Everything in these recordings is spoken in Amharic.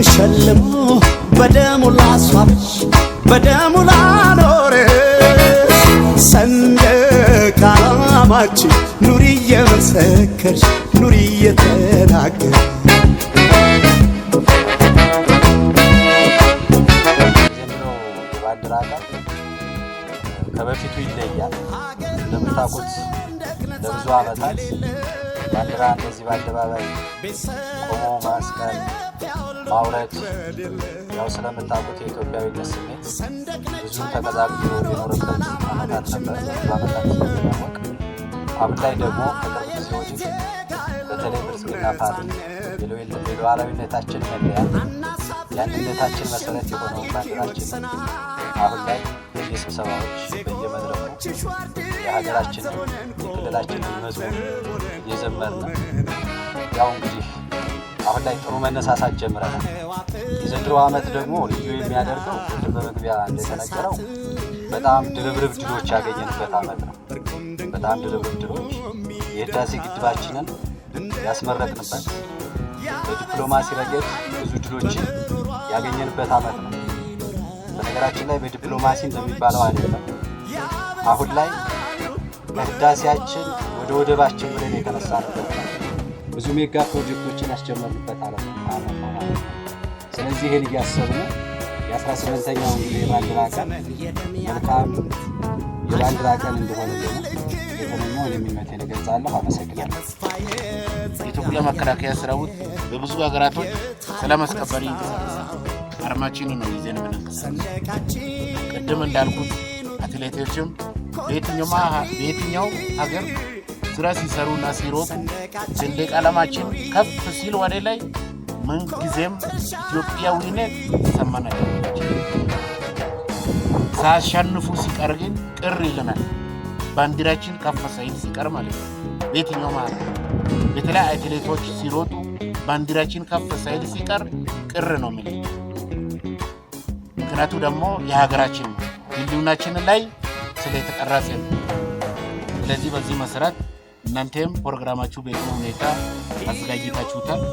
እሱን ሸልሞ በደሙ ላስዋብሽ በደሙ ላኖርሽ ሰንደቅ ዓላማችን ኑሪ እየመሰከርሽ ኑሪ እየተናገር ከበፊቱ ይለያል። እንደምታውቁት ለብዙ ዓመታት ባንዲራ እንደዚህ በአደባባይ ቆሞ ማውረድ ያው ስለምታውቁት የኢትዮጵያዊነት ስሜት ብዙ ተቀዛቅዞ የኖረበት ነበር። ስለሚታወቅ አሁን ላይ ደግሞ ከቅርብ ጊዜ ወዲህ በተለይ ብልጽግና ፓርቲ የሉዓላዊነታችን መለያ የአንድነታችን መሰረት የሆነው ባንዲራችን አሁን ላይ በየስብሰባዎች የሀገራችንን የክልላችንን መዝሙር እየዘመርን ያው እንግዲህ አሁን ላይ ጥሩ መነሳሳት ጀምረናል። የዘንድሮ ዓመት ደግሞ ልዩ የሚያደርገው ቅድም በመግቢያ እንደተነገረው በጣም ድርብርብ ድሎች ያገኘንበት ዓመት ነው። በጣም ድርብርብ ድሎች የህዳሴ ግድባችንን ያስመረቅንበት፣ በዲፕሎማሲ ረገድ ብዙ ድሎችን ያገኘንበት ዓመት ነው። በነገራችን ላይ በዲፕሎማሲ እንደሚባለው አይደለም። አሁን ላይ ለህዳሴያችን ወደ ወደባችን ብለን የተነሳንበት ነው። ብዙ ሜጋ ፕሮጀክቶችን ያስጀመርንበት አለ። ማለት ነው። ስለዚህ ይህን እያሰብን የአስራ ስምንተኛው የባንዲራ ቀን መልካም የባንዲራ ቀን እንደሆነ የተመኘው የሚመት እገልጻለሁ። አመሰግናለሁ። የኢትዮጵያ መከላከያ ሰራዊት በብዙ ሀገራቶች ሰላም አስከባሪ አርማችን ነው ይዘን የምንንቀሳቀሰው። ቅድም እንዳልኩት አትሌቶችም በየትኛው ሀገር ስራ ሲሰሩና ሲሮጡ ሰንደቅ ዓላማችን ከፍ ሲል ወደ ላይ ምንጊዜም ኢትዮጵያዊነት ይሰማናል። ሳያሸንፉ ሲቀር ግን ቅር ይለናል። ባንዲራችን ከፍ ሳይል ሲቀር ማለት ነው። በየትኛው ማለት ነው? በተለይ አትሌቶች ሲሮጡ ባንዲራችን ከፍ ሳይል ሲቀር ቅር ነው የሚል ምክንያቱ ደግሞ የሀገራችን ህልውናችን ላይ ስለተቀረጸ ስለዚህ በዚህ መሰረት እናንተም ፕሮግራማችሁ በጥሩ ሁኔታ አዘጋጅታችሁታል።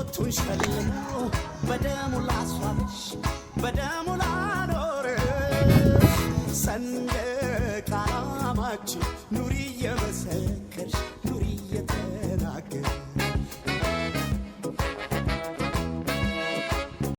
ሰንደቅ ዓላማችን